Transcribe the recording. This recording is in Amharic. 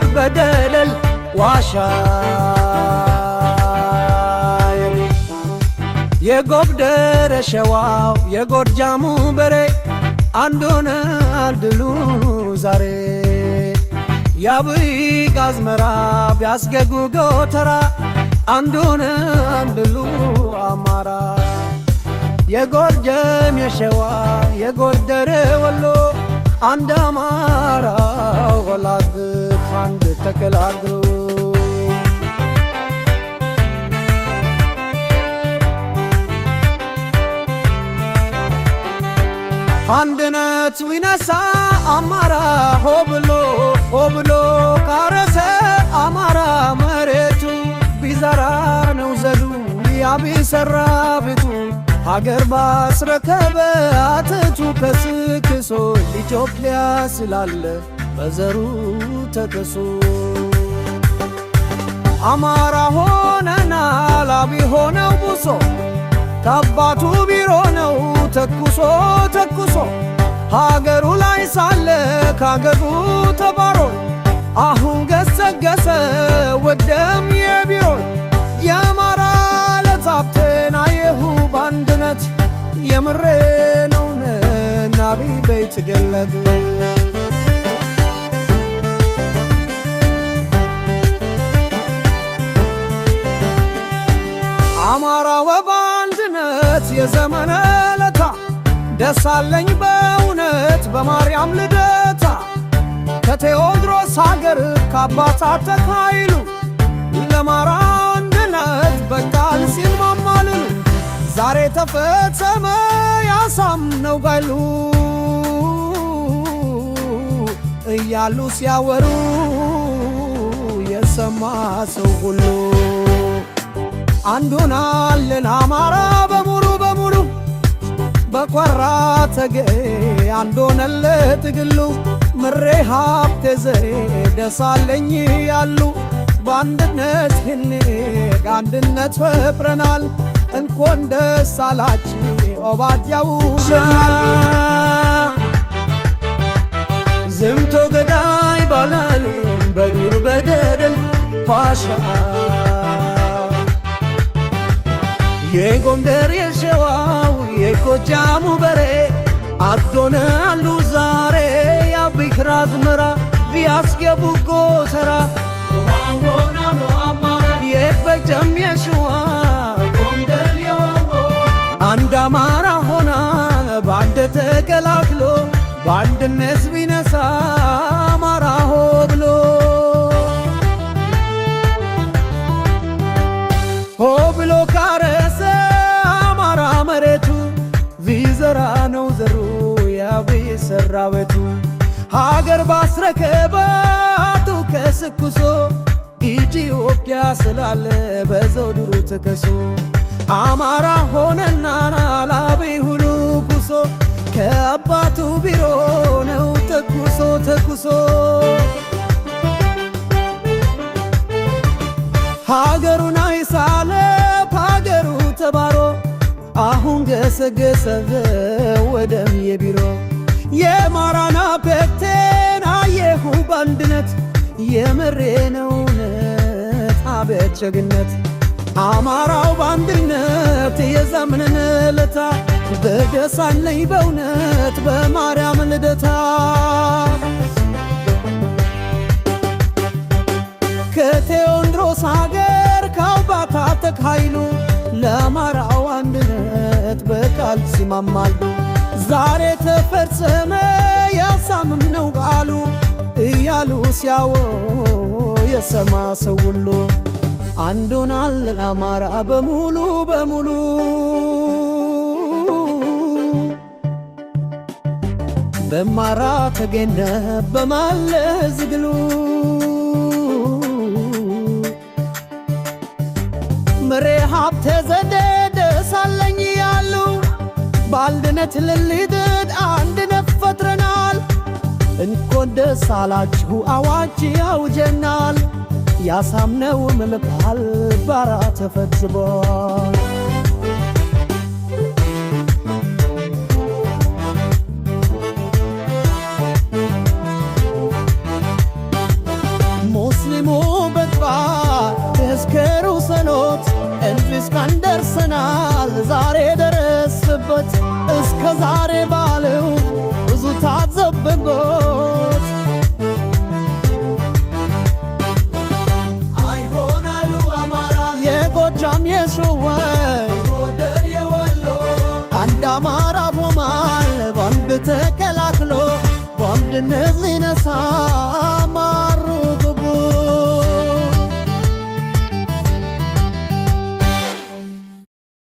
ዞር በደለል ዋሻይ የጎብደረ ሸዋው የጎጃሙ በሬ አንድ ሆነ አልድሉ ዛሬ ያብይቅ አዝመራ ቢያስገጉ ጎተራ አንድ ሆነ አማራ የጎርጀም የሸዋ የጎደረ ወሎ አንድ አማራ ወላብት አንድ ተቀላቅሎ አንድነት ዊነሳ አማራ ሆ ብሎ ካረሰ አማራ መሬቱ ቢዘራ ነው ዘዱ ያቢሰራ ቤቱ ሀገር ባስረከበ ኢትዮጵያ ስላለ በዘሩ ተከሱ አማራ ሆነናል አቢ ሆነው ቡሶ ከአባቱ ቢሮ ነው ተኩሶ ተኩሶ ሀገሩ ላይ ሳለ ካገሩ ተባሮ አሁን ገሰገሰ ወደም የቢሮ የአማራ ለዛብቴና የሁ ባንድነት የምሬ ነውነ ናቢደ ገለጡ አማራው በአንድነት የዘመነ ለታ ደሳለኝ በእውነት በማርያም ልደታ ከቴዎድሮስ ሀገር ከአባታት ተካይሉ ለማራ አንድነት በቃል ሲል ዛሬ ተፈጸመ ያሳምነው ጋይሉ እያሉ ሲያወሩ የሰማ ሰው ሁሉ አንዱናልን አማራ በሙሉ በሙሉ በኮራ ተገ አንዶነለ ትግሉ ምሬ ሀብቴ ዘሬ ደሳለኝ ያሉ በአንድነት ህን አንድነት ፈጥረናል እንኳን ደስ አላችሁ ኦባጃው ዝምቶ ገዳይ ባላሉ በዱር በገደል ፓሻ የጎንደር የሸዋው የጎጃሙ በሬ አዶናሉ ዛሬ የአቢግራ አዝመራ ቢያስገቡ ጎተራ የበጀም የሸዋ አንድ አማራ ሆና በአንድ ተቀላቅሎ በአንድነት ቢና ብሎ ካረሰ አማራ መሬቱ ሊዘራ ነው ዘሩ ያብይ ሰራ ቤቱ ሀገር ባስረከባቱ ከስኩሶ ኢትዮጵያ ስላለ በዘው ተከሶ አማራ ሆነና ላብይ ሁሉ ኩሶ ከአባቱ ቢሮ ነው ተኩሶ ተኩሶ ሀገሩን ገሰገሰ ወደም የቢሮ የማራና በቴን አየሁ በአንድነት የምሬን እውነት አቤት ጀግነት አማራው በአንድነት የዘመንን ለታ በደሳለኝ በእውነት በማርያም ልደታ ከቴዎንድሮስ ሀገር ከአውባታ ተካይሉ ለአማራው ቃል ሲማማሉ ዛሬ ተፈጸመ ያሳምም ነው በዓሉ እያሉ ሲያወ የሰማ ሰው ሁሉ አንዱን አማራ በሙሉ በሙሉ በማራ ተገነ በማለ ዝግሉ ቀናት ሌሊትን አንድነት ፈጥረናል። እንኳን ደስ አላችሁ አዋጅ ያውጀናል። ያሳምነው ምልባል ባራ ተፈጽሟል። ሙስሊሙ በጥባር ተስከሩ ሰኖት እንግሊዝ ካንደርሰናል ዛሬ ደረስበት ከዛሬ ባለው ብዙ ታዘብንጎት አማራ የጎጃም የሸዋ አንድ አማራ ሆኗል ባንድ ሊነሳ